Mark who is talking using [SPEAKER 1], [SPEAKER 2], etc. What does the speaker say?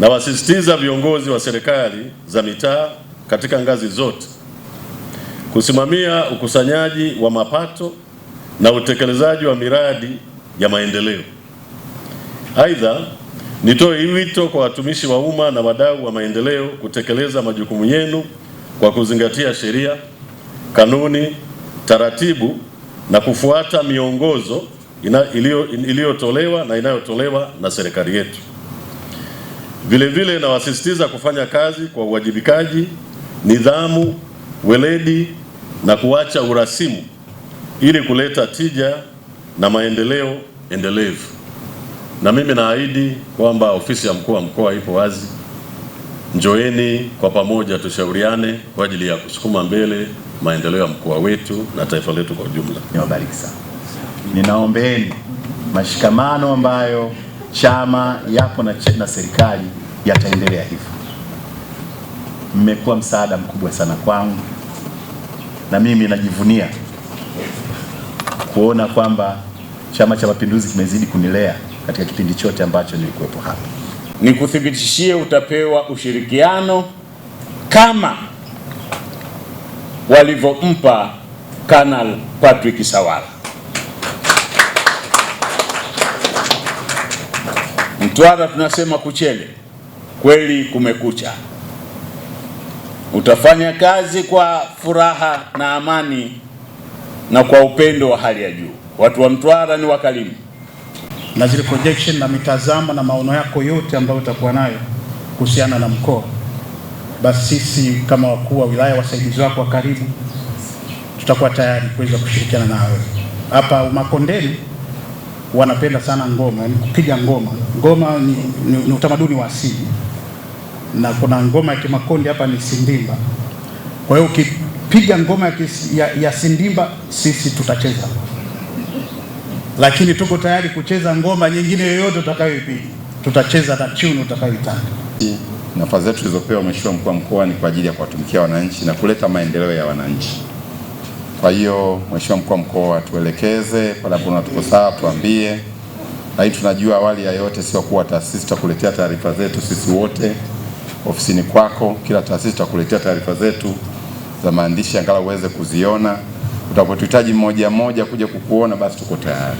[SPEAKER 1] Nawasisitiza viongozi wa serikali za mitaa katika ngazi zote kusimamia ukusanyaji wa mapato na utekelezaji wa miradi ya maendeleo. Aidha, nitoe wito kwa watumishi wa umma na wadau wa maendeleo kutekeleza majukumu yenu kwa kuzingatia sheria, kanuni, taratibu na kufuata miongozo iliyotolewa na inayotolewa na serikali yetu. Vilevile inawasisitiza kufanya kazi kwa uwajibikaji, nidhamu, weledi na kuacha urasimu ili kuleta tija na maendeleo endelevu. Na mimi naahidi kwamba ofisi ya mkuu wa mkoa ipo wazi. Njoeni kwa pamoja tushauriane kwa ajili ya kusukuma mbele maendeleo ya mkoa wetu na taifa letu kwa ujumla.
[SPEAKER 2] Niwabariki sana. ninaombeeni mashikamano ambayo chama yapo na, na serikali yataendelea hivyo. Mmekuwa msaada mkubwa sana kwangu, na mimi najivunia kuona kwamba Chama cha Mapinduzi kimezidi kunilea katika kipindi chote ambacho nilikuwepo hapa.
[SPEAKER 3] Nikuthibitishie utapewa ushirikiano kama walivyompa Kanali Patrick Sawala. Mtwara tunasema kuchele, kweli kumekucha. Utafanya kazi kwa furaha na amani na kwa upendo wa hali ya juu. Watu wa Mtwara ni wakalimu,
[SPEAKER 4] na zile projection na mitazamo na maono yako yote ambayo utakuwa nayo kuhusiana na mkoa, basi sisi kama wakuu wa wilaya, wasaidizi wako wa karibu, tutakuwa tayari kuweza kushirikiana na wewe hapa Umakondeni wanapenda sana ngoma, yani kupiga ngoma. Ngoma ni, ni, ni utamaduni wa asili, na kuna ngoma ya Kimakonde hapa ni sindimba. Kwa hiyo ukipiga ngoma ya, ya, ya sindimba sisi tutacheza, lakini tuko tayari kucheza ngoma nyingine yoyote utakayoipiga, tutacheza na tune utakayoitaka.
[SPEAKER 5] Nafasi zetu tulizopewa, Mheshimiwa Mkuu wa Mkoa, ni kwa ajili ya kuwatumikia wananchi na kuleta maendeleo ya wananchi. Kwa hiyo Mheshimiwa mkuu wa mkoa atuelekeze pale ambapo tuko sawa, tuambie, lakini tunajua awali ya yote sio kuwa taasisi tutakuletea taarifa zetu sisi wote ofisini kwako. Kila taasisi tutakuletea taarifa zetu za maandishi, angalau uweze kuziona. Utakapotuhitaji mmoja mmoja kuja kukuona, basi tuko tayari.